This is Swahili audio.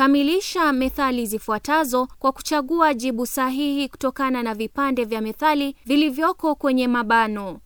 Kamilisha methali zifuatazo kwa kuchagua jibu sahihi kutokana na vipande vya methali vilivyoko kwenye mabano.